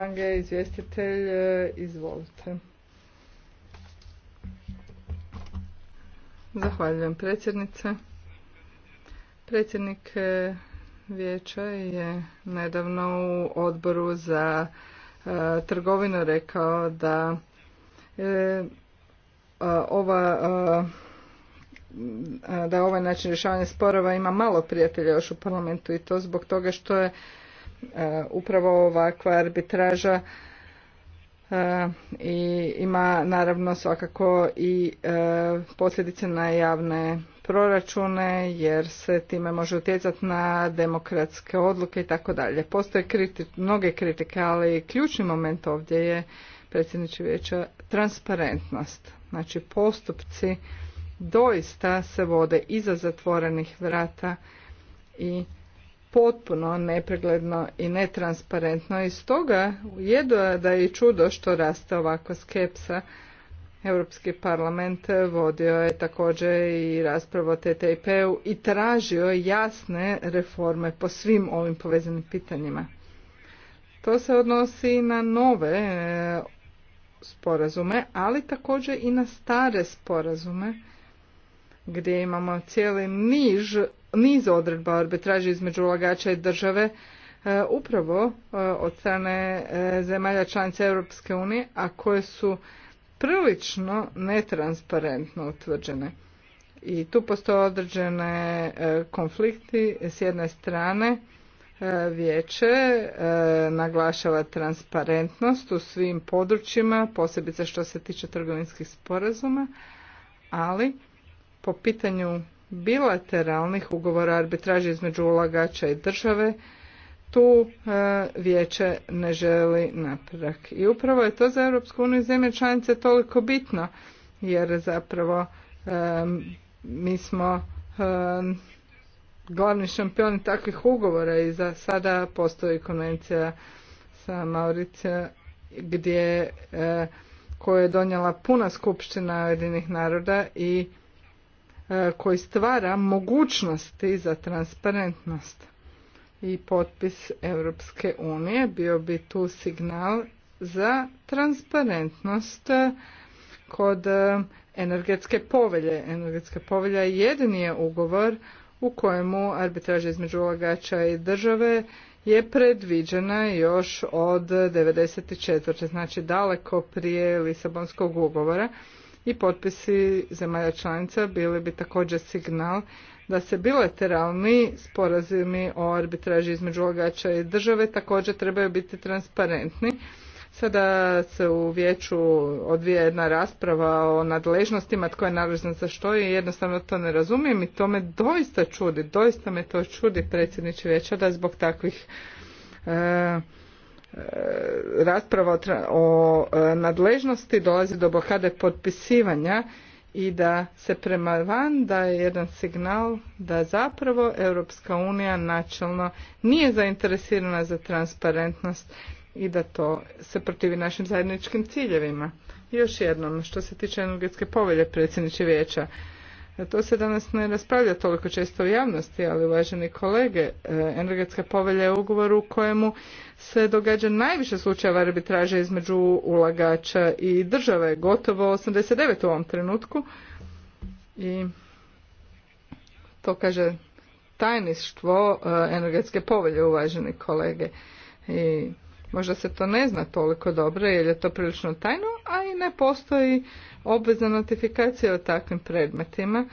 Lange, izvjestitelj, e, izvolite. Zahvaljujem predsjednice. Predsjednik e, vijeća je nedavno u odboru za trgovino e, trgovinu rekao da ova da ovaj način rješavanja sporova ima malo prijatelja još u parlamentu i to zbog toga što je E, upravo ovakva arbitraža e, i ima naravno svakako i e, posljedice na javne proračune jer se time može utjecati na demokratske odluke i tako dalje. Postoje mnoge kritike, ali ključni moment ovdje je predsjedniče vijeća transparentnost. Znači postupci doista se vode iza zatvorenih vrata i potpuno nepregledno i netransparentno i stoga jedo da je čudo što raste ovako skepsa. Europski parlament vodio je također i raspravu o TTIP-u i tražio jasne reforme po svim ovim povezanim pitanjima. To se odnosi i na nove e, sporazume, ali također i na stare sporazume gdje imamo cijeli niž niz odredba o između ulagača i države e, upravo e, od strane e, zemalja članica Europske unije, a koje su prilično netransparentno utvrđene. I tu postoje određene konflikti s jedne strane vijeće naglašava transparentnost u svim područjima, posebice što se tiče trgovinskih sporazuma, ali po pitanju bilateralnih ugovora arbitraže između ulagača i države, tu e, vijeće ne želi napredak. I upravo je to za Europsku uniju zemlje članice toliko bitno, jer zapravo e, mi smo e, glavni šampioni takvih ugovora i za sada postoji konvencija sa Maurice gdje koju je donijela puna skupština Ujedinih naroda i E, koji stvara mogućnosti za transparentnost i potpis Europske unije bio bi tu signal za transparentnost kod e, energetske povelje. Energetska povelja je jedini je ugovor u kojemu arbitraža između ulagača i države je predviđena još od 1994. znači daleko prije Lisabonskog ugovora i potpisi zemalja članica bili bi također signal da se bilateralni sporazumi o arbitraži između ulagača i države također trebaju biti transparentni. Sada se u vijeću odvija jedna rasprava o nadležnostima, tko je nadležan za što i jednostavno to ne razumijem i to me doista čudi, doista me to čudi predsjedniče vijeća da zbog takvih e, rasprava o e, nadležnosti dolazi do blokade potpisivanja i da se prema van daje jedan signal da zapravo Europska unija načelno nije zainteresirana za transparentnost i da to se protivi našim zajedničkim ciljevima. još jednom, što se tiče energetske povelje predsjedniče vijeća, E, to se danas ne raspravlja toliko često u javnosti, ali uvaženi kolege, e, energetska povelja je ugovor u kojemu se događa najviše slučajeva arbitraže između ulagača i države, gotovo 89 u ovom trenutku. I to kaže tajništvo e, energetske povelje, uvaženi kolege. I Možda se to ne zna toliko dobro jer je to prilično tajno, a i ne postoji obvezna notifikacija o takvim predmetima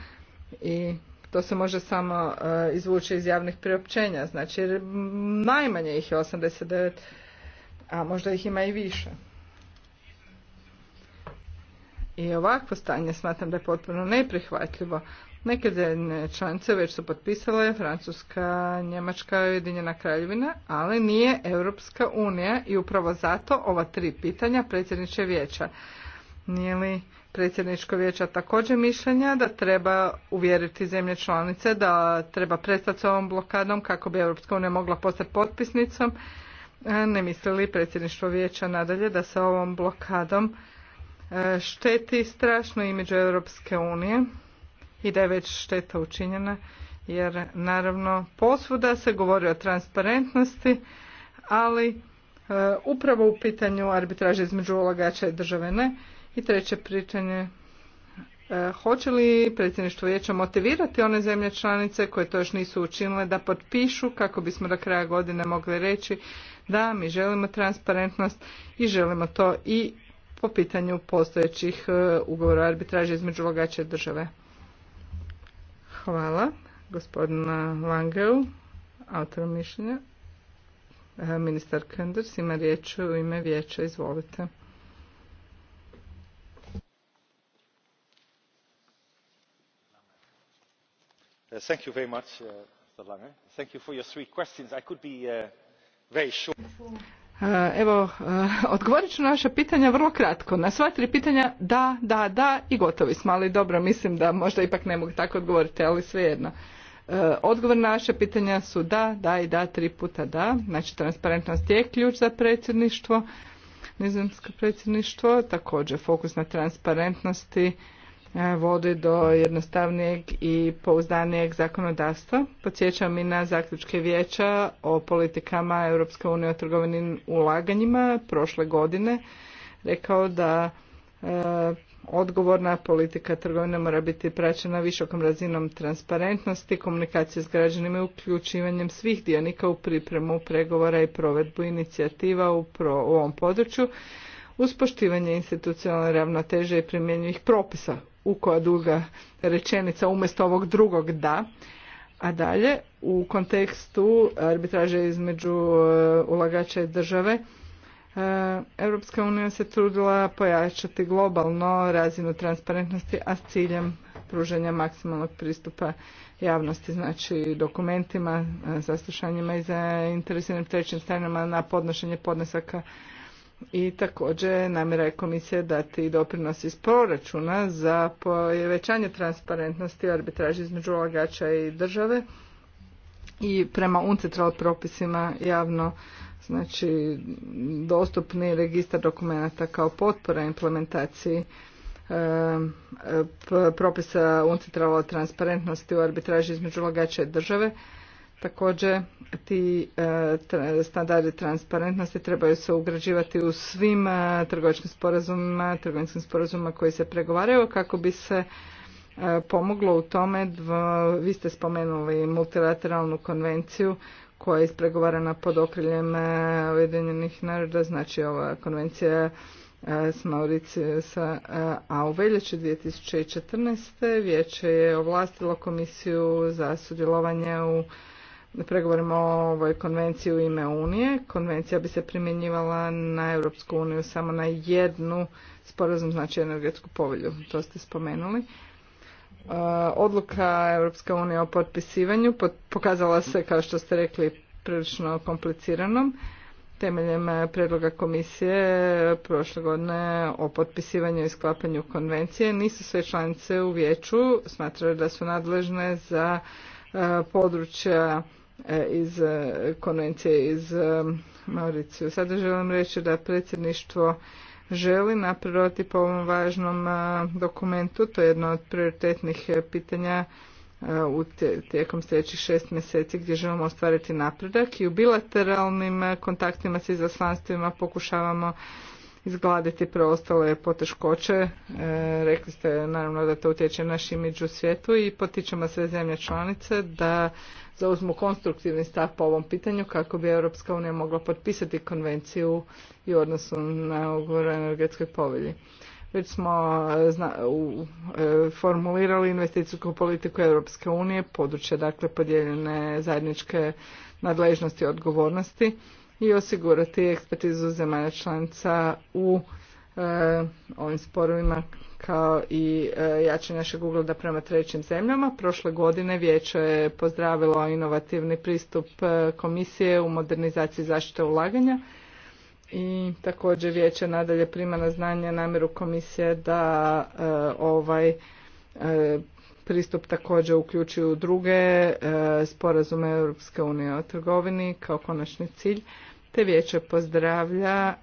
i to se može samo e, izvući iz javnih priopćenja, znači najmanje ih je 89, a možda ih ima i više. I ovakvo stanje smatram da je potpuno neprihvatljivo. Neke zemlje članice već su potpisale Francuska, Njemačka, Ujedinjena Kraljevina, ali nije Europska unija i upravo zato ova tri pitanja predsjedniče vijeća. Nije li predsjedničko vijeća također mišljenja da treba uvjeriti zemlje članice da treba prestati s ovom blokadom kako bi Europska unija mogla postati potpisnicom? Ne misli li predsjedništvo vijeća nadalje da se ovom blokadom e, šteti strašno imidžu Europske unije i da je već šteta učinjena jer naravno posvuda se govori o transparentnosti, ali e, upravo u pitanju arbitraže između ulagača i države ne. I treće pitanje, e, hoće li predsjedništvo vijeća motivirati one zemlje članice koje to još nisu učinile da potpišu kako bismo do kraja godine mogli reći da mi želimo transparentnost i želimo to i po pitanju postojećih e, ugovora arbitraže između ulagača i države. Hvala gospodina Langeu, autoru mišljenja. Eh, ministar Kenders ima riječ u ime vijeća. Izvolite. Eh, thank you very much, eh, Mr. Lange. Thank you for your three questions. I could be uh, very short. E, evo, e, odgovorit ću na pitanja vrlo kratko. Na sva tri pitanja da, da, da i gotovi smo, ali dobro, mislim da možda ipak ne mogu tako odgovoriti, ali svejedno. E, odgovor na vaše pitanja su da, da i da, tri puta da. Znači, transparentnost je ključ za predsjedništvo, nizemsko predsjedništvo, također fokus na transparentnosti vodi do jednostavnijeg i pouzdanijeg zakonodavstva. Podsjećam i na zaključke vijeća o politikama Europske unije o trgovinim ulaganjima prošle godine. Rekao da e, odgovorna politika trgovine mora biti praćena višokom razinom transparentnosti, komunikacije s građanima i uključivanjem svih dionika u pripremu pregovora i provedbu inicijativa u, pro, u ovom području uz poštivanje institucionalne ravnoteže i primjenjivih propisa u koja duga rečenica umjesto ovog drugog da. A dalje, u kontekstu arbitraže između e, ulagača i države, e, Europska unija se trudila pojačati globalno razinu transparentnosti, a s ciljem pružanja maksimalnog pristupa javnosti, znači dokumentima, zaslušanjima e, i zainteresiranim trećim stranama na podnošenje podnesaka i također namjera je komisije dati doprinos iz proračuna za povećanje transparentnosti arbitraži između ulagača i države i prema uncitral propisima javno znači dostupni registar dokumenata kao potpora implementaciji propisa uncitral transparentnosti u arbitraži između ulagača i države Također ti e, standardi transparentnosti trebaju se ugrađivati u svim e, trgovačkim sporazumima, trgovinskim sporazumima koji se pregovaraju kako bi se e, pomoglo u tome, vi ste spomenuli multilateralnu konvenciju koja je ispregovarana pod okriljem Ujedinjenih naroda, znači ova konvencija s Mauricijusa, a u veljači 2014. vijeće je ovlastilo komisiju za sudjelovanje u pregovorimo o ovoj konvenciji u ime Unije. Konvencija bi se primjenjivala na Europsku uniju samo na jednu sporazum, znači energetsku povelju. To ste spomenuli. E, odluka Europske unije o potpisivanju pokazala se, kao što ste rekli, prilično kompliciranom. Temeljem e, predloga komisije e, prošle godine o potpisivanju i sklapanju konvencije nisu sve članice u vijeću smatraju da su nadležne za područja E, iz e, konvencije iz e, Mauriciju. Sada želim reći da predsjedništvo želi napredovati po ovom važnom dokumentu. To je jedno od prioritetnih pitanja u tijekom sljedećih šest mjeseci gdje želimo ostvariti napredak i u bilateralnim kontaktima s izaslanstvima pokušavamo izgladiti preostale poteškoće. E, rekli ste naravno da to utječe naš imidž u svijetu i potičemo sve zemlje članice da zauzmu konstruktivni stav po ovom pitanju kako bi Europska unija mogla potpisati konvenciju i u odnosu na ugovor o energetskoj povelji. Već smo e, e, formulirali investicijsku politiku Europske unije, područje dakle podijeljene zajedničke nadležnosti i odgovornosti i osigurati ekspertizu zemalja članica u e, ovim sporovima kao i e, jačanje našeg ugleda prema trećim zemljama. Prošle godine vijeće je pozdravilo inovativni pristup e, komisije u modernizaciji zaštite ulaganja i također vijeće nadalje prima na znanje namjeru komisije da e, ovaj e, pristup također uključuju druge e, sporazume Europske unije o trgovini kao konačni cilj, te vijeće pozdravlja e,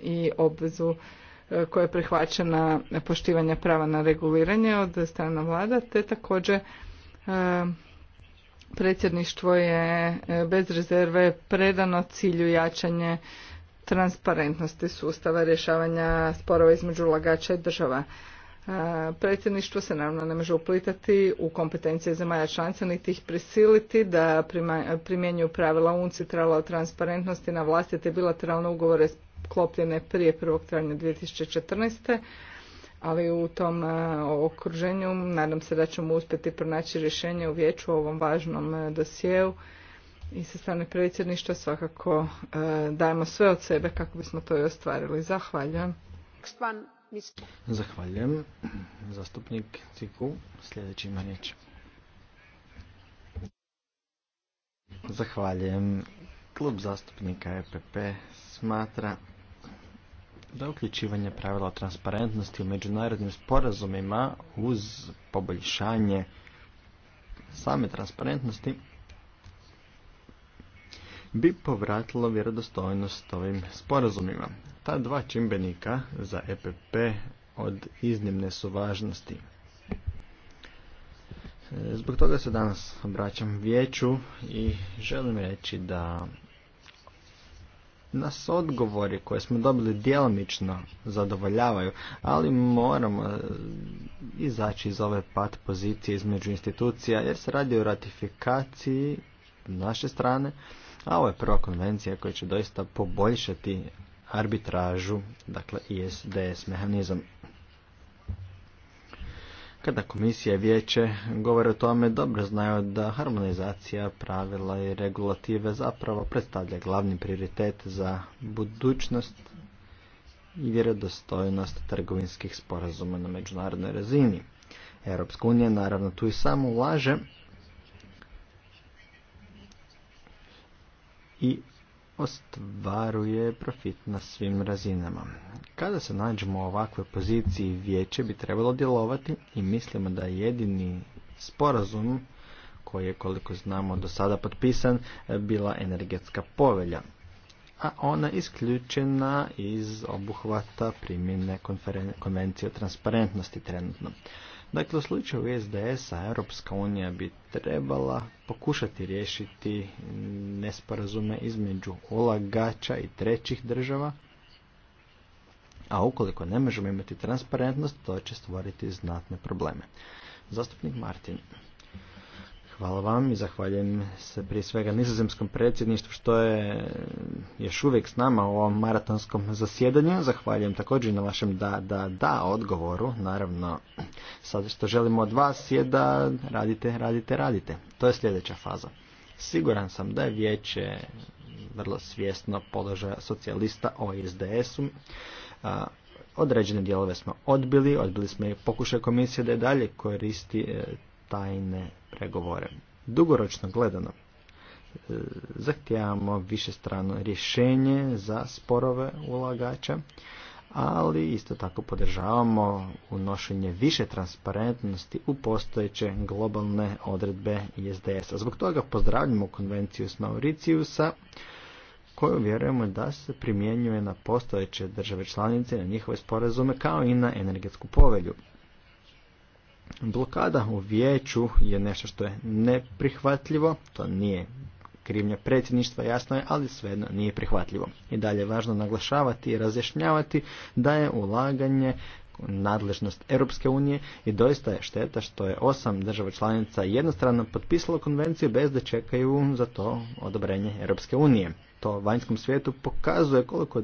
i obvezu e, koja je prihvaćena poštivanja prava na reguliranje od strana vlada, te također predsjedništvo je bez rezerve predano cilju jačanje transparentnosti sustava rješavanja sporova između ulagača i država. E, predsjedništvo se naravno ne može uplitati u kompetencije zemalja članica niti ih prisiliti da primjenjuju pravila uncitrala o transparentnosti na vlastite bilateralne ugovore sklopljene prije 1. travnja 2014. Ali u tom e, okruženju nadam se da ćemo uspjeti pronaći rješenje u vijeću o ovom važnom e, dosjeu i sa strane predsjedništva svakako dajemo sve od sebe kako bismo to i ostvarili. Zahvaljujem. Zahvaljujem. Zastupnik Ciku, sljedeći ima Zahvaljujem. Klub zastupnika EPP smatra da uključivanje pravila o transparentnosti u međunarodnim sporazumima uz poboljšanje same transparentnosti bi povratilo vjerodostojnost ovim sporazumima ta dva čimbenika za EPP od iznimne su važnosti. Zbog toga se danas obraćam vijeću i želim reći da nas odgovori koje smo dobili djelomično zadovoljavaju, ali moramo izaći iz ove pat pozicije između institucija jer se radi o ratifikaciji naše strane, a ovo je prva konvencija koja će doista poboljšati arbitražu, dakle ISDS mehanizam. Kada komisija vijeće govore o tome, dobro znaju da harmonizacija pravila i regulative zapravo predstavlja glavni prioritet za budućnost i vjerodostojnost trgovinskih sporazuma na međunarodnoj razini. Europska unija naravno tu i samo ulaže i ostvaruje profit na svim razinama. Kada se nađemo u ovakvoj poziciji vijeće bi trebalo djelovati i mislimo da je jedini sporazum koji je koliko znamo do sada potpisan e, bila energetska povelja a ona isključena iz obuhvata primjene konvencije o transparentnosti trenutno. Dakle, u slučaju SDS-a, Europska unija bi trebala pokušati riješiti nesporazume između ulagača i trećih država, a ukoliko ne možemo imati transparentnost, to će stvoriti znatne probleme. Zastupnik Martin. Hvala vam i zahvaljujem se prije svega nizozemskom predsjedništvu što je još uvijek s nama u ovom maratonskom zasjedanju. Zahvaljujem također na vašem da, da, da odgovoru. Naravno, sad što želimo od vas je da radite, radite, radite. To je sljedeća faza. Siguran sam da je vijeće vrlo svjesno položaja socijalista o SDS-u. Određene dijelove smo odbili, odbili smo i pokušaj komisije da je dalje koristi e, tajne pregovore. Dugoročno gledano, e, zahtijevamo višestrano rješenje za sporove ulagača, ali isto tako podržavamo unošenje više transparentnosti u postojeće globalne odredbe ISDS-a. Zbog toga pozdravljamo konvenciju s Mauriciusa koju vjerujemo da se primjenjuje na postojeće države članice na njihove sporazume kao i na energetsku povelju. Blokada u vijeću je nešto što je neprihvatljivo, to nije krivnja predsjedništva, jasno je, ali svejedno nije prihvatljivo. I dalje je važno naglašavati i razjašnjavati da je ulaganje nadležnost Europske unije i doista je šteta što je osam država članica jednostrano potpisalo konvenciju bez da čekaju za to odobrenje Europske unije. To vanjskom svijetu pokazuje koliko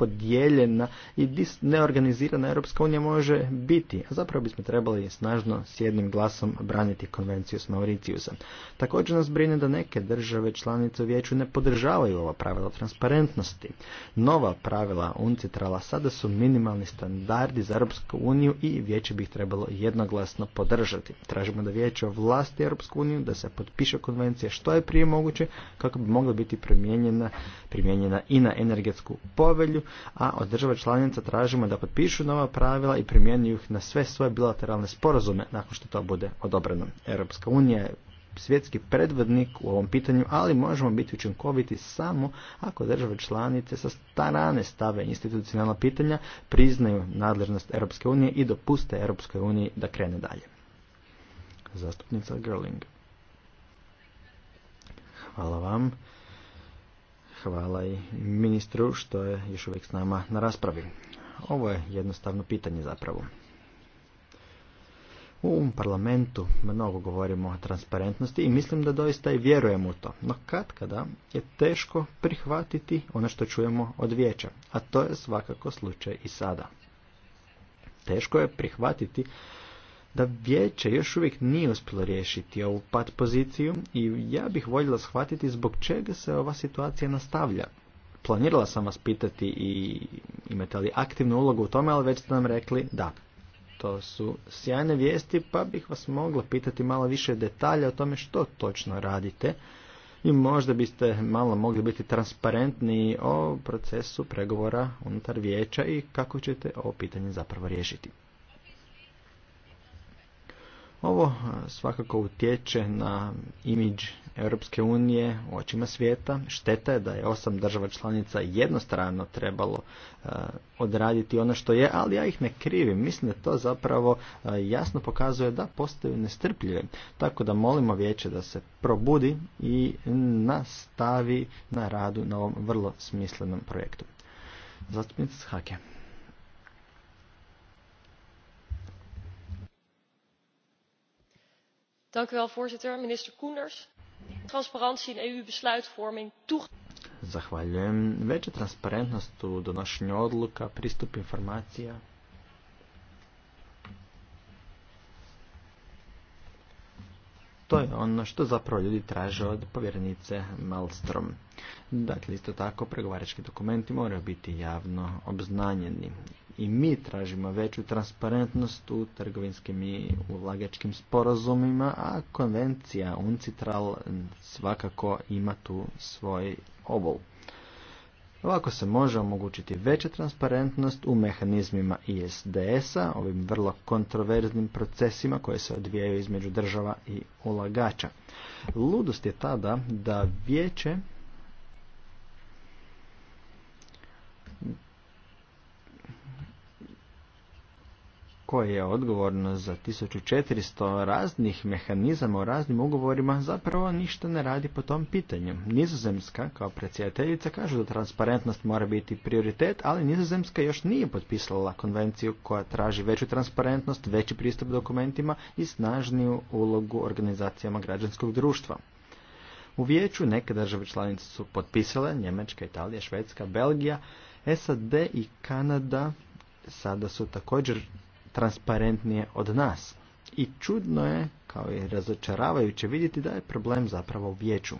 podijeljena i neorganizirana Europska unija može biti. A zapravo bismo trebali snažno s jednim glasom braniti konvenciju s Mauritiusom. Također nas brine da neke države članice u vijeću ne podržavaju ova pravila transparentnosti. Nova pravila UNCITRALA sada su minimalni standardi za Europsku uniju i vijeće bi ih trebalo jednoglasno podržati. Tražimo da vijeće vlasti Europsku uniju da se potpiše konvencija što je prije moguće kako bi mogla biti primijenjena, primijenjena i na energetsku povelju a od država članica tražimo da potpišu nova pravila i primjenjuju ih na sve svoje bilateralne sporazume nakon što to bude odobreno. Europska unija je svjetski predvodnik u ovom pitanju, ali možemo biti učinkoviti samo ako države članice sa starane stave institucionalna pitanja, priznaju nadležnost Europske unije i dopuste Europskoj uniji da krene dalje. Zastupnica Gerling. Hvala vam. Hvala i ministru što je još uvijek s nama na raspravi. Ovo je jednostavno pitanje zapravo. U ovom parlamentu mnogo govorimo o transparentnosti i mislim da doista i vjerujemo u to. No kad kada je teško prihvatiti ono što čujemo od vijeća, a to je svakako slučaj i sada. Teško je prihvatiti da vijeće još uvijek nije uspjelo riješiti ovu pat poziciju i ja bih voljela shvatiti zbog čega se ova situacija nastavlja. Planirala sam vas pitati i imate li aktivnu ulogu u tome, ali već ste nam rekli da. To su sjajne vijesti, pa bih vas mogla pitati malo više detalja o tome što točno radite i možda biste malo mogli biti transparentni o procesu pregovora unutar vijeća i kako ćete ovo pitanje zapravo riješiti. Ovo svakako utječe na imidž Europske unije u očima svijeta. Šteta je da je osam država članica jednostrano trebalo odraditi ono što je, ali ja ih ne krivim. Mislim da to zapravo jasno pokazuje da postaju nestrpljive. Tako da molimo vijeće da se probudi i nastavi na radu na ovom vrlo smislenom projektu. Zastupnica Hake. voorzitter minister koenders transparantie in eu besluitvorming Zahvaljujem. Veća transparentnost u donošenju odluka, pristup informacija To je ono što zapravo ljudi traže od povjerenice Malstrom. Dakle, isto tako, pregovarački dokumenti moraju biti javno obznanjeni. I mi tražimo veću transparentnost u trgovinskim i ulagačkim sporazumima, a konvencija UNCITRAL svakako ima tu svoj obol. Ovako se može omogućiti veća transparentnost u mehanizmima ISDS-a, ovim vrlo kontroverznim procesima koje se odvijaju između država i ulagača. Ludost je tada da vijeće koje je odgovorno za 1400 raznih mehanizama u raznim ugovorima, zapravo ništa ne radi po tom pitanju. Nizozemska, kao predsjedateljica, kaže da transparentnost mora biti prioritet, ali Nizozemska još nije potpisala konvenciju koja traži veću transparentnost, veći pristup dokumentima i snažniju ulogu organizacijama građanskog društva. U vijeću neke države članice su potpisale, Njemačka, Italija, Švedska, Belgija, SAD i Kanada sada su također transparentnije od nas. I čudno je, kao i razočaravajuće, vidjeti da je problem zapravo u vijeću.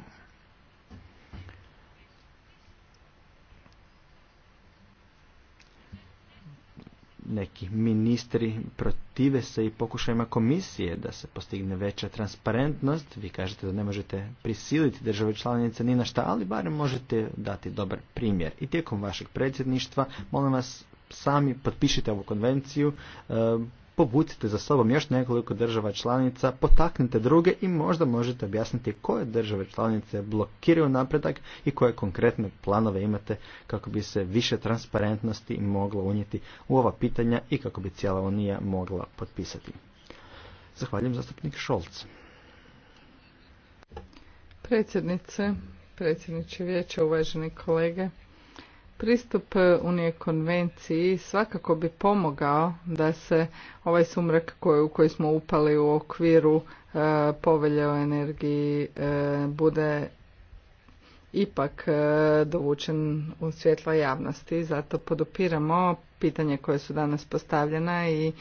Neki ministri protive se i pokušajima komisije da se postigne veća transparentnost. Vi kažete da ne možete prisiliti države članice ni na šta, ali barem možete dati dobar primjer. I tijekom vašeg predsjedništva, molim vas, sami potpišite ovu konvenciju, e, povucite za sobom još nekoliko država članica, potaknite druge i možda možete objasniti koje države članice blokiraju napredak i koje konkretne planove imate kako bi se više transparentnosti moglo unijeti u ova pitanja i kako bi cijela Unija mogla potpisati. Zahvaljujem zastupnik Šolc. Predsjednice, predsjedniče vijeća, uvaženi kolege. Pristup e, Unije konvenciji svakako bi pomogao da se ovaj sumrak koji, u koji smo upali u okviru e, povelje o energiji e, bude ipak dovučen u svjetla javnosti. Zato podupiramo pitanje koje su danas postavljena i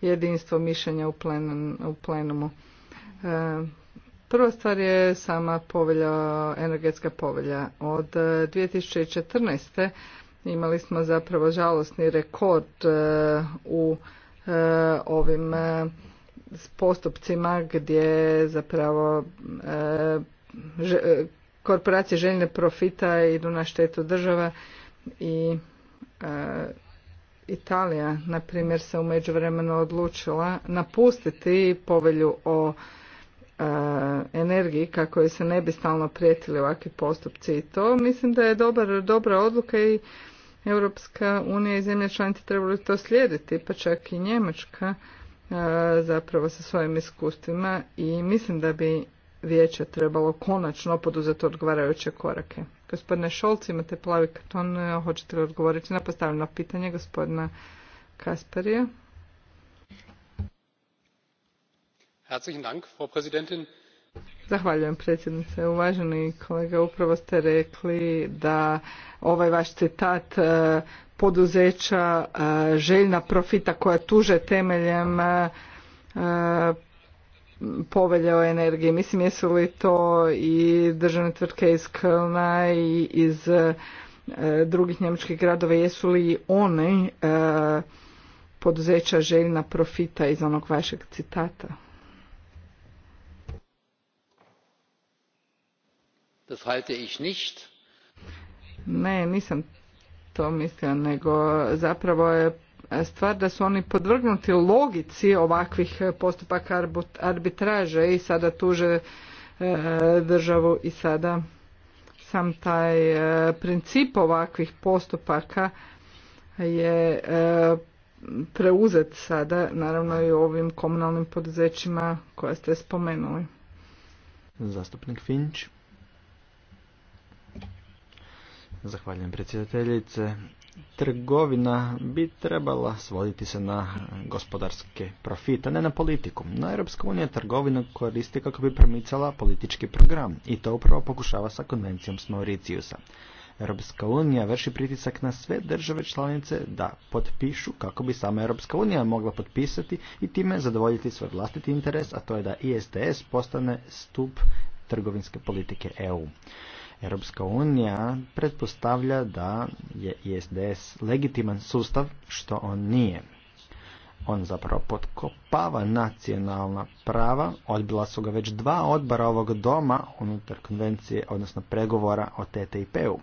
jedinstvo mišljenja u, plen, u plenumu. Prva stvar je sama povelja, energetska povelja. Od 2014. E, imali smo zapravo žalostni rekord e, u e, ovim postupcima gdje zapravo korporacije željne profita idu na štetu država i Italija, na primjer, se u međuvremenu odlučila napustiti povelju o E, energiji kako je se ne bi stalno prijetili ovakvi postupci i to mislim da je dobar, dobra odluka i Europska unija i zemlje članice trebali to slijediti, pa čak i Njemačka e, zapravo sa svojim iskustvima i mislim da bi vijeće trebalo konačno poduzeti odgovarajuće korake. Gospodine Šolci, imate plavi karton, e, hoćete li odgovoriti na postavljeno pitanje gospodina Kasparija? zahvaljujem predsjednice. uvaženi kolega upravo ste rekli da ovaj vaš citat e, poduzeća e, željna profita koja tuže temeljem e, povelje o energiji. Mislim, jesu li to i državne tvrtke iz Kölna i iz drugih njemačkih gradova, jesu li i one poduzeća željna profita iz onog vašeg citata? Ne, nisam to mislio, nego zapravo je stvar da su oni podvrgnuti logici ovakvih postupaka arbitraže i sada tuže e, državu i sada sam taj e, princip ovakvih postupaka je e, preuzet sada naravno i ovim komunalnim poduzećima koje ste spomenuli. Zastupnik Finč. Zahvaljujem predsjedateljice. Trgovina bi trebala svoditi se na gospodarske profite, ne na politiku. No, Europska unija trgovinu koristi kako bi promicala politički program i to upravo pokušava sa konvencijom s Mauricijusa. Europska unija vrši pritisak na sve države članice da potpišu kako bi sama Europska unija mogla potpisati i time zadovoljiti svoj vlastiti interes, a to je da ISDS postane stup trgovinske politike EU. Europska unija pretpostavlja da je SDS legitiman sustav što on nije. On zapravo potkopava nacionalna prava, odbila su ga već dva odbara ovog doma unutar konvencije, odnosno pregovora o TTIP-u.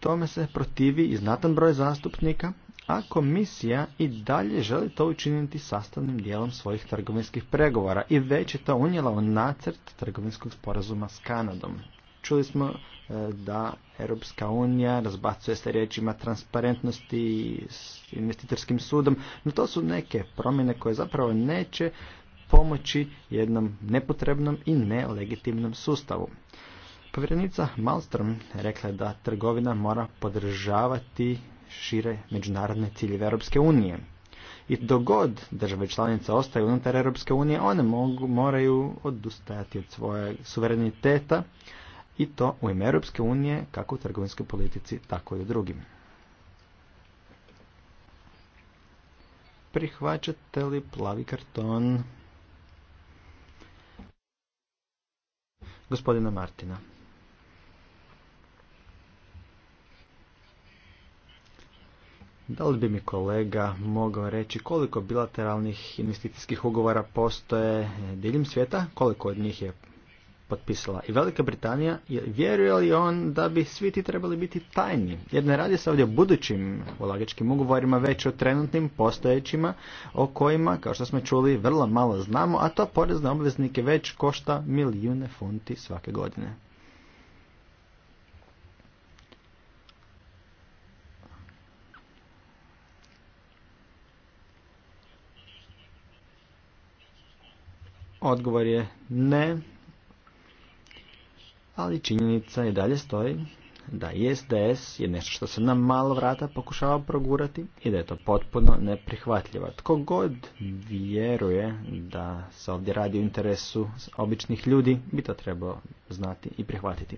Tome se protivi i znatan broj zastupnika, a komisija i dalje želi to učiniti sastavnim dijelom svojih trgovinskih pregovora i već je to unijela u nacrt trgovinskog sporazuma s Kanadom. Čuli smo e, da Europska unija razbacuje se riječima transparentnosti s investitorskim sudom, no to su neke promjene koje zapravo neće pomoći jednom nepotrebnom i nelegitimnom sustavu. Povjerenica Malstrom rekla je da trgovina mora podržavati šire međunarodne ciljeve Europske unije. I dogod države članice ostaju unutar Europske unije, one mogu, moraju odustajati od svoje suvereniteta i to u ime Europske unije kako u trgovinskoj politici, tako i u drugim. Prihvaćate li plavi karton gospodina Martina? Da li bi mi kolega mogao reći koliko bilateralnih investicijskih ugovora postoje diljem svijeta, koliko od njih je potpisala i Velika Britanija, vjeruje li on da bi svi ti trebali biti tajni? Jer ne radi se ovdje o budućim ulagačkim ugovorima, već o trenutnim postojećima o kojima, kao što smo čuli, vrlo malo znamo, a to porezne obveznike već košta milijune funti svake godine. Odgovor je ne, ali činjenica i dalje stoji da ISDS je nešto što se na malo vrata pokušava progurati i da je to potpuno neprihvatljivo. Tko god vjeruje da se ovdje radi u interesu običnih ljudi, bi to trebao znati i prihvatiti.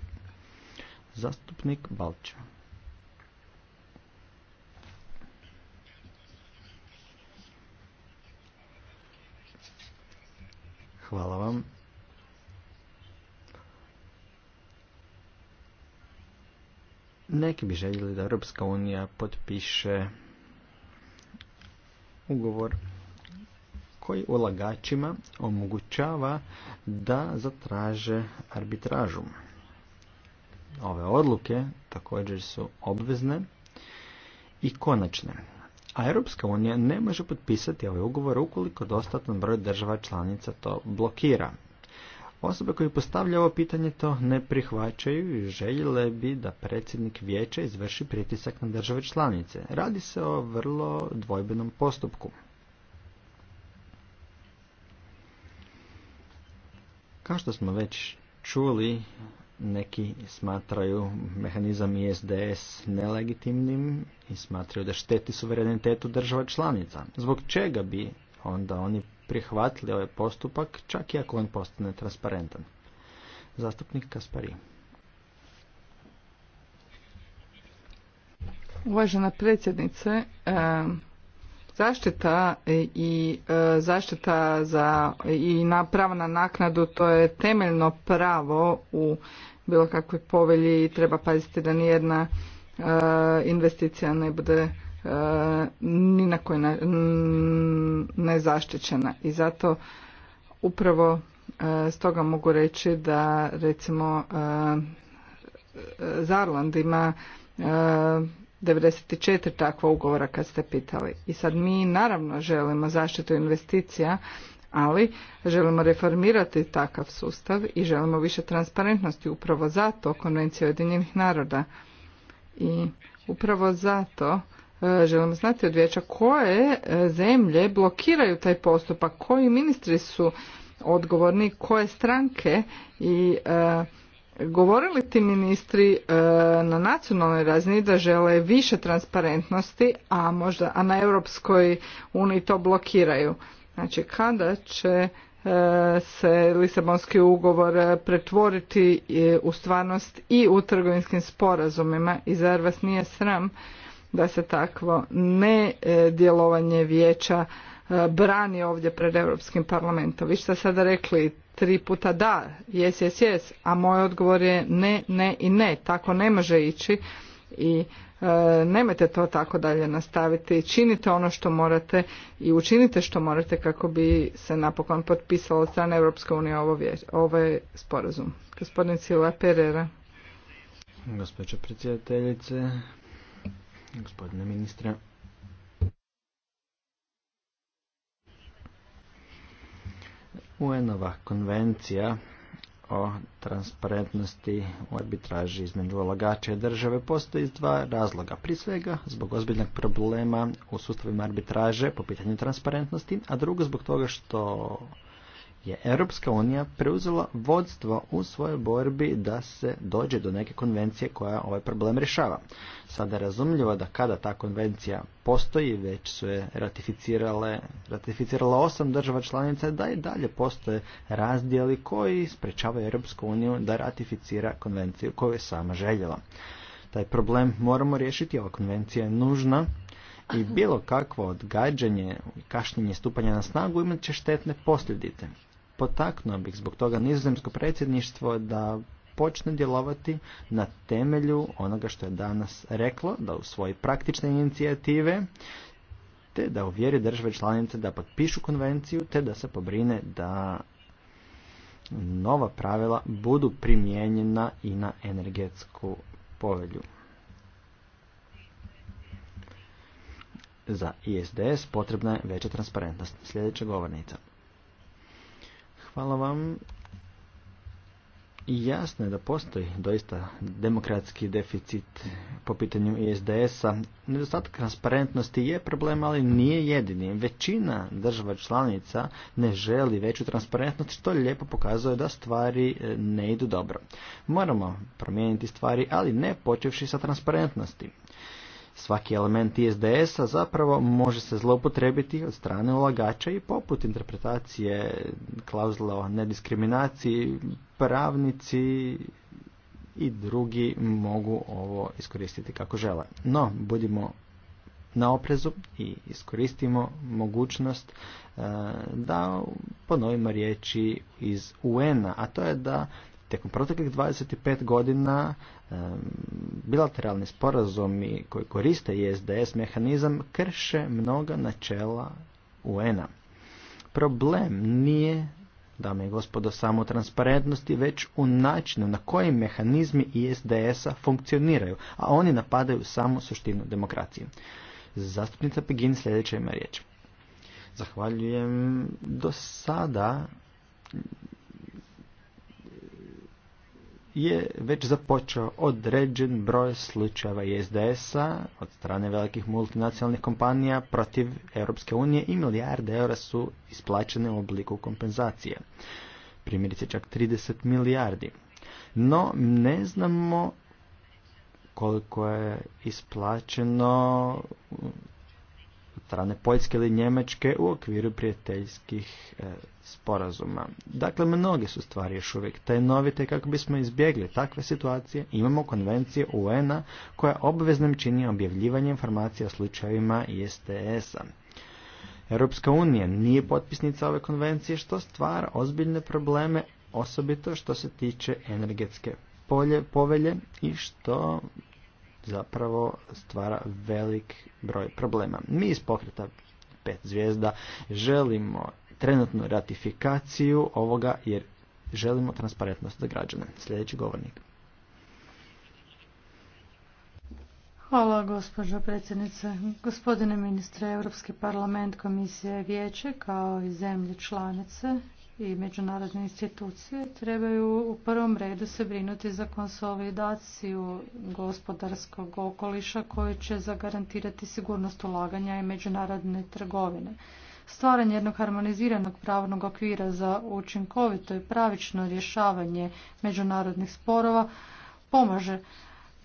Zastupnik Balča. Hvala vam. Neki bi željeli da Europska unija potpiše ugovor koji ulagačima omogućava da zatraže arbitražu. Ove odluke također su obvezne i konačne. A Europska unija ne može potpisati ovaj ugovor ukoliko dostatan broj država članica to blokira. Osobe koje postavlja ovo pitanje to ne prihvaćaju i željele bi da predsjednik vijeća izvrši pritisak na države članice. Radi se o vrlo dvojbenom postupku. Kao što smo već čuli, neki smatraju mehanizam ISDS nelegitimnim i smatraju da šteti suverenitetu država članica. Zbog čega bi onda oni prihvatili ovaj postupak, čak i ako on postane transparentan? Zastupnik Kaspari. Uvažena predsjednice, e, zaštita i e, zaštita za i na pravo na naknadu to je temeljno pravo u bilo kakve povelji i treba paziti da nijedna e, investicija ne bude e, ni na koji nezaštićena. I zato upravo e, stoga mogu reći da recimo Zarland ima 94 takva ugovora kad ste pitali. I sad mi naravno želimo zaštitu investicija, ali želimo reformirati takav sustav i želimo više transparentnosti upravo zato Konvencija Ujedinjenih naroda. I upravo zato e, želimo znati od vijeća koje e, zemlje blokiraju taj postupak, koji ministri su odgovorni, koje stranke i e, govorili ti ministri na nacionalnoj razini da žele više transparentnosti, a možda a na Europskoj uniji to blokiraju. Znači kada će e, se Lisabonski ugovor pretvoriti e, u stvarnost i u trgovinskim sporazumima i zar vas nije sram da se takvo ne e, djelovanje vijeća brani ovdje pred Europskim parlamentom. Vi ste sada rekli tri puta da, jes, jes, jes, a moj odgovor je ne, ne i ne. Tako ne može ići i E, nemojte to tako dalje nastaviti, činite ono što morate i učinite što morate kako bi se napokon potpisalo od strane Europske unije ovo ovaj sporazum. Gospodin Silva Perera. Gospođo predsjedateljice, gospodine ministra. UN-ova konvencija o transparentnosti u arbitraži između ulagača i države postoji iz dva razloga. Prije svega zbog ozbiljnog problema u sustavima arbitraže po pitanju transparentnosti, a drugo zbog toga što je Europska unija preuzela vodstvo u svojoj borbi da se dođe do neke konvencije koja ovaj problem rješava. Sada je razumljivo da kada ta konvencija postoji, već su je ratificirale, ratificirala osam država članica, da i dalje postoje razdjeli koji sprečavaju Europsku uniju da ratificira konvenciju koju je sama željela. Taj problem moramo riješiti, ova konvencija je nužna, i bilo kakvo odgađanje i kašnjenje stupanja na snagu imat će štetne posljedice potaknuo bih zbog toga nizozemsko predsjedništvo da počne djelovati na temelju onoga što je danas reklo, da u svoje praktične inicijative, te da uvjeri države članice da potpišu konvenciju, te da se pobrine da nova pravila budu primijenjena i na energetsku povelju. Za ISDS potrebna je veća transparentnost. Sljedeća govornica. Hvala vam. Jasno je da postoji doista demokratski deficit po pitanju ISDS-a. Nedostatak transparentnosti je problem, ali nije jedini. Većina država članica ne želi veću transparentnost, što lijepo pokazuje da stvari e, ne idu dobro. Moramo promijeniti stvari, ali ne počevši sa transparentnosti. Svaki element ISDS-a zapravo može se zloupotrijebiti od strane ulagača i poput interpretacije klauzula o nediskriminaciji, pravnici i drugi mogu ovo iskoristiti kako žele. No, budimo na oprezu i iskoristimo mogućnost eh, da ponovimo riječi iz UN-a, a to je da Tijekom proteklih 25 godina bilateralni sporazumi koji koriste SDS mehanizam krše mnoga načela UN-a. Problem nije dame i gospodo, samo transparentnosti, već u načinu na koji mehanizmi ISDS-a funkcioniraju, a oni napadaju samo suštinu demokracije. Zastupnica Pegin sljedeća ima riječ. Zahvaljujem. Do sada je već započeo određen broj slučajeva ISDS-a od strane velikih multinacionalnih kompanija protiv Europske unije i milijarde eura su isplaćene u obliku kompenzacije. Primjerice čak 30 milijardi. No ne znamo koliko je isplaćeno strane Poljske ili Njemačke u okviru prijateljskih e, sporazuma. Dakle, mnoge su stvari još uvijek tajnovite kako bismo izbjegli takve situacije. Imamo konvencije UN-a koja obveznim čini objavljivanje informacija o slučajevima ISTS-a. Europska unija nije potpisnica ove konvencije što stvara ozbiljne probleme, osobito što se tiče energetske polje, povelje i što zapravo stvara velik broj problema. Mi iz pokreta pet zvijezda želimo trenutnu ratifikaciju ovoga jer želimo transparentnost za građane. Sljedeći govornik. Hvala gospođo predsjednice. Gospodine ministre, Europski parlament, komisije i vijeće kao i zemlje članice i međunarodne institucije trebaju u prvom redu se brinuti za konsolidaciju gospodarskog okoliša koji će zagarantirati sigurnost ulaganja i međunarodne trgovine. Stvaranje jednog harmoniziranog pravnog okvira za učinkovito i pravično rješavanje međunarodnih sporova pomaže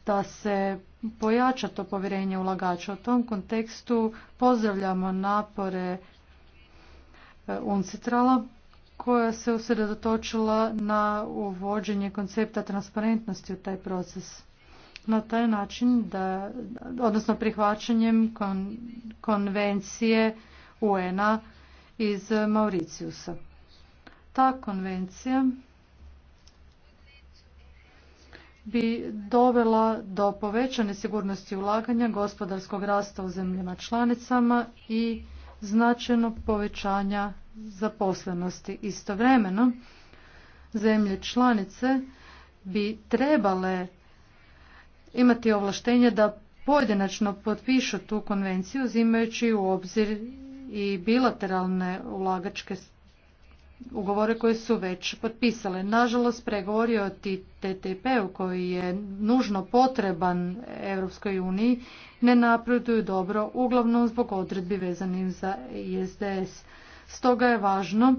da se pojača to povjerenje ulagača. U tom kontekstu pozdravljamo napore e, UNCITRALA koja se usredotočila na uvođenje koncepta transparentnosti u taj proces. Na taj način da, odnosno prihvaćanjem konvencije un iz Mauricijusa. Ta konvencija bi dovela do povećane sigurnosti ulaganja gospodarskog rasta u zemljama članicama i značajnog povećanja zaposlenosti. Istovremeno, zemlje članice bi trebale imati ovlaštenje da pojedinačno potpišu tu konvenciju uzimajući u obzir i bilateralne ulagačke ugovore koje su već potpisale. Nažalost, pregovori o TTP-u koji je nužno potreban Europskoj uniji ne napreduju dobro, uglavnom zbog odredbi vezanim za ISDS. Stoga je važno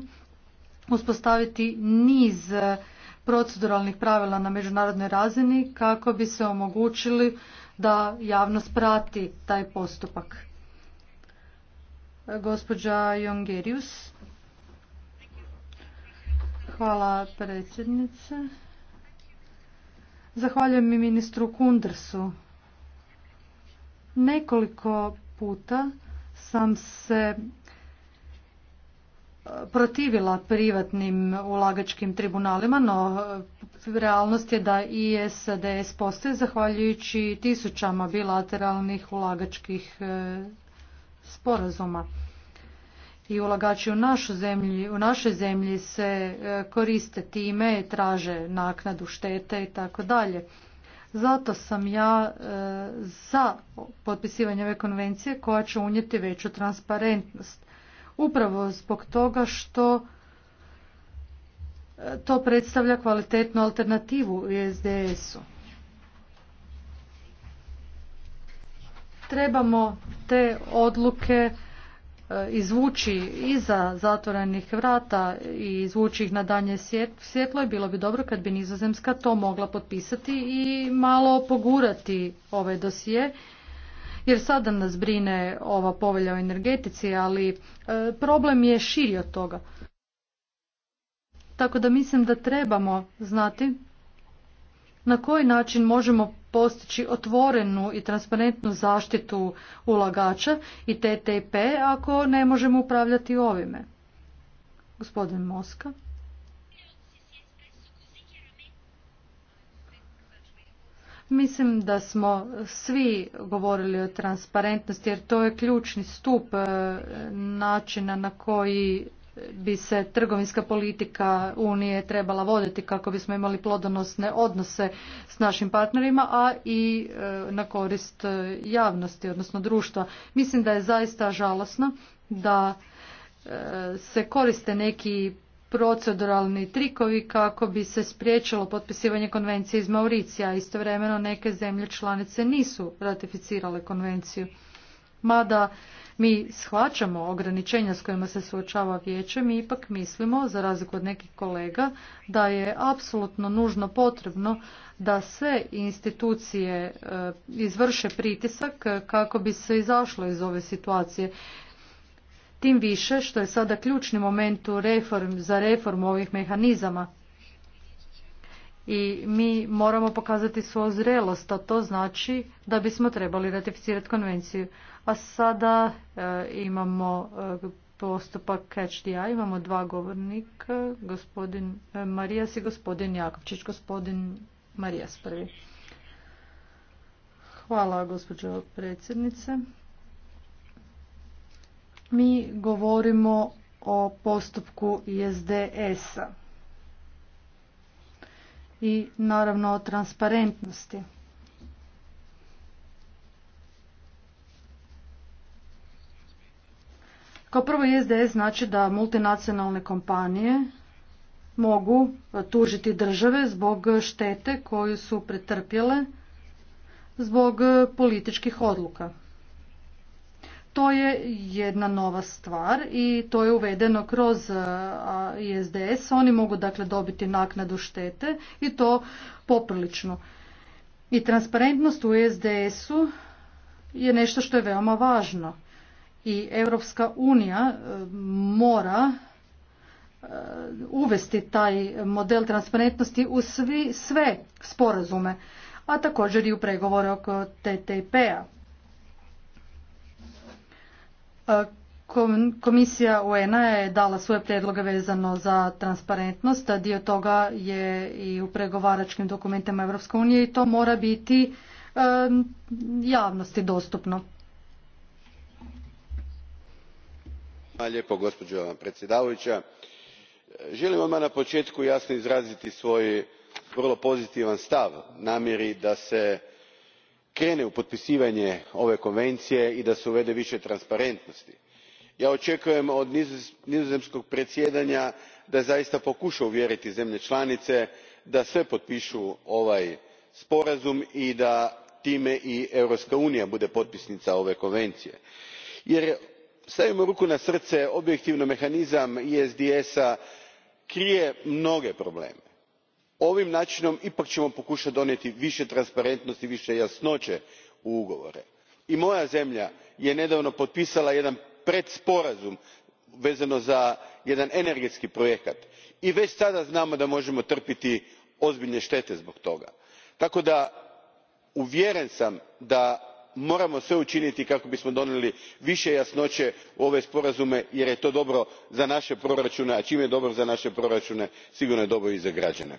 uspostaviti niz proceduralnih pravila na međunarodnoj razini kako bi se omogućili da javnost prati taj postupak. Gospođa Jongerius. Hvala predsjednice. Zahvaljujem i ministru Kundersu. Nekoliko puta sam se e, protivila privatnim ulagačkim tribunalima, no e, realnost je da i SDS postoje zahvaljujući tisućama bilateralnih ulagačkih e, sporazuma i ulagači u, našu zemlji, u našoj zemlji se e, koriste time, traže naknadu štete i tako dalje. Zato sam ja e, za potpisivanje ove konvencije koja će unijeti veću transparentnost. Upravo zbog toga što e, to predstavlja kvalitetnu alternativu u SDS-u. Trebamo te odluke E, izvući iza zatvorenih vrata i izvući ih na danje svjetlo i bilo bi dobro kad bi Nizozemska to mogla potpisati i malo pogurati ove ovaj dosije jer sada nas brine ova povelja o energetici, ali e, problem je širi od toga. Tako da mislim da trebamo znati na koji način možemo postići otvorenu i transparentnu zaštitu ulagača i TTP ako ne možemo upravljati ovime? Gospodin Moska. Mislim da smo svi govorili o transparentnosti jer to je ključni stup e, načina na koji bi se trgovinska politika Unije trebala voditi kako bismo imali plodonosne odnose s našim partnerima, a i e, na korist e, javnosti, odnosno društva. Mislim da je zaista žalosno da e, se koriste neki proceduralni trikovi kako bi se spriječilo potpisivanje konvencije iz Mauricija. Istovremeno neke zemlje članice nisu ratificirale konvenciju. Mada mi shvaćamo ograničenja s kojima se suočava vijeće, mi ipak mislimo, za razliku od nekih kolega, da je apsolutno nužno potrebno da sve institucije e, izvrše pritisak kako bi se izašlo iz ove situacije. Tim više što je sada ključni moment reform, za reformu ovih mehanizama i mi moramo pokazati svoju zrelost, a to znači da bismo trebali ratificirati konvenciju. A sada e, imamo e, postupak Catch the Eye, imamo dva govornika, gospodin e, Marijas i gospodin Jakovčić, gospodin Marijas prvi. Hvala gospođo predsjednice. Mi govorimo o postupku ISDS-a i naravno o transparentnosti. Kao prvo ISDS znači da multinacionalne kompanije mogu e, tužiti države zbog štete koju su pretrpjele zbog e, političkih odluka. To je jedna nova stvar i to je uvedeno kroz ISDS. Oni mogu dakle dobiti naknadu štete i to poprilično. I transparentnost u ISDS-u je nešto što je veoma važno. I Europska unija e, mora e, uvesti taj model transparentnosti u svi, sve sporazume, a također i u pregovore oko ttp a E, komisija UN-a je dala svoje prijedloge vezano za transparentnost, a dio toga je i u pregovaračkim dokumentima EU unije i to mora biti e, javnosti dostupno. Hvala gospođo predsjedavajuća. Želim odmah na početku jasno izraziti svoj vrlo pozitivan stav namjeri da se krene u potpisivanje ove konvencije i da se uvede više transparentnosti. ja očekujem od nizozemskog predsjedanja da zaista pokuša uvjeriti zemlje članice da sve potpišu ovaj sporazum i da time i europska unija bude potpisnica ove konvencije jer stavimo ruku na srce objektivno mehanizam isds a krije mnoge probleme ovim načinom ipak ćemo pokušati donijeti više transparentnosti više jasnoće u ugovore. i moja zemlja je nedavno potpisala jedan predsporazum vezano za jedan energetski projekt i već sada znamo da možemo trpiti ozbiljne štete zbog toga. tako da uvjeren sam da moramo sve učiniti kako bismo donijeli više jasnoće u ove sporazume jer je to dobro za naše proračune a čim je dobro za naše proračune sigurno je dobro i za građane.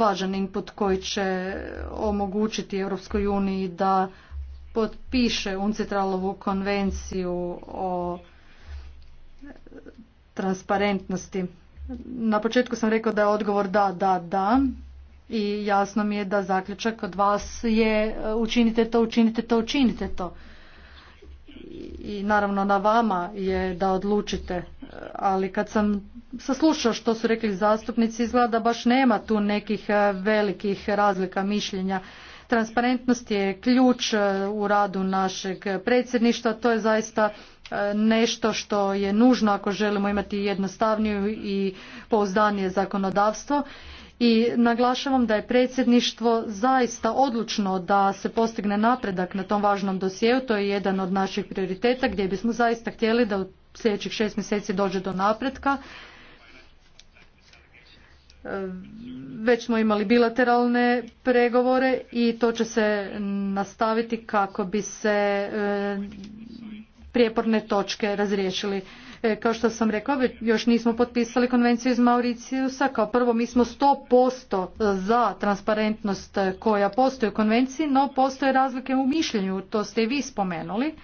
važan input koji će omogućiti Europskoj uniji da potpiše Uncitralovu konvenciju o transparentnosti. Na početku sam rekao da je odgovor da, da, da i jasno mi je da zaključak od vas je učinite to, učinite to, učinite to. I naravno na vama je da odlučite ali kad sam saslušao što su rekli zastupnici, izgleda da baš nema tu nekih e, velikih razlika mišljenja. Transparentnost je ključ e, u radu našeg predsjedništva, to je zaista e, nešto što je nužno ako želimo imati jednostavniju i pouzdanije zakonodavstvo i naglašavam da je predsjedništvo zaista odlučno da se postigne napredak na tom važnom dosjeu to je jedan od naših prioriteta gdje bismo zaista htjeli da sljedećih šest mjeseci dođe do napretka. Već smo imali bilateralne pregovore i to će se nastaviti kako bi se e, prijeporne točke razriješili. E, kao što sam rekao, još nismo potpisali konvenciju iz Mauriciusa, Kao prvo, mi smo 100% za transparentnost koja postoji u konvenciji, no postoje razlike u mišljenju, to ste i vi spomenuli.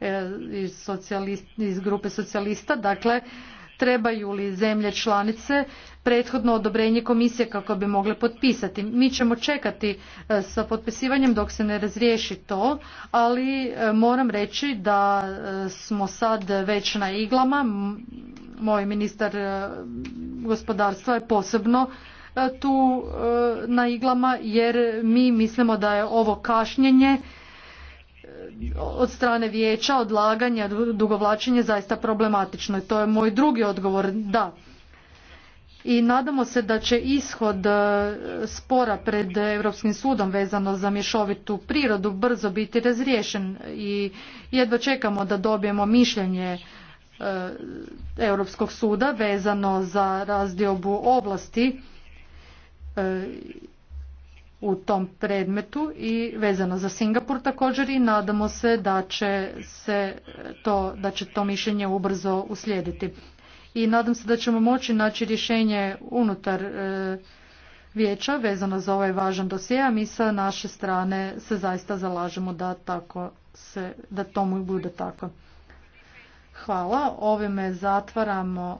E, iz, iz grupe socijalista. Dakle, trebaju li zemlje članice prethodno odobrenje komisije kako bi mogle potpisati. Mi ćemo čekati e, sa potpisivanjem dok se ne razriješi to, ali e, moram reći da smo sad već na iglama. Moj ministar gospodarstva je posebno tu na iglama jer mi mislimo da je ovo kašnjenje od strane vijeća odlaganja, dugovlačenje zaista problematično. I to je moj drugi odgovor, da. I nadamo se da će ishod e, spora pred Europskim sudom vezano za mješovitu prirodu brzo biti razriješen i jedva čekamo da dobijemo mišljenje e, Europskog suda vezano za razdiobu oblasti e, u tom predmetu i vezano za Singapur također i nadamo se da će se to, da će to mišljenje ubrzo uslijediti. I nadam se da ćemo moći naći rješenje unutar e, vijeća vezano za ovaj važan dosije, a mi sa naše strane se zaista zalažemo da tako se, da tomu i bude tako. Hvala, ovime zatvaramo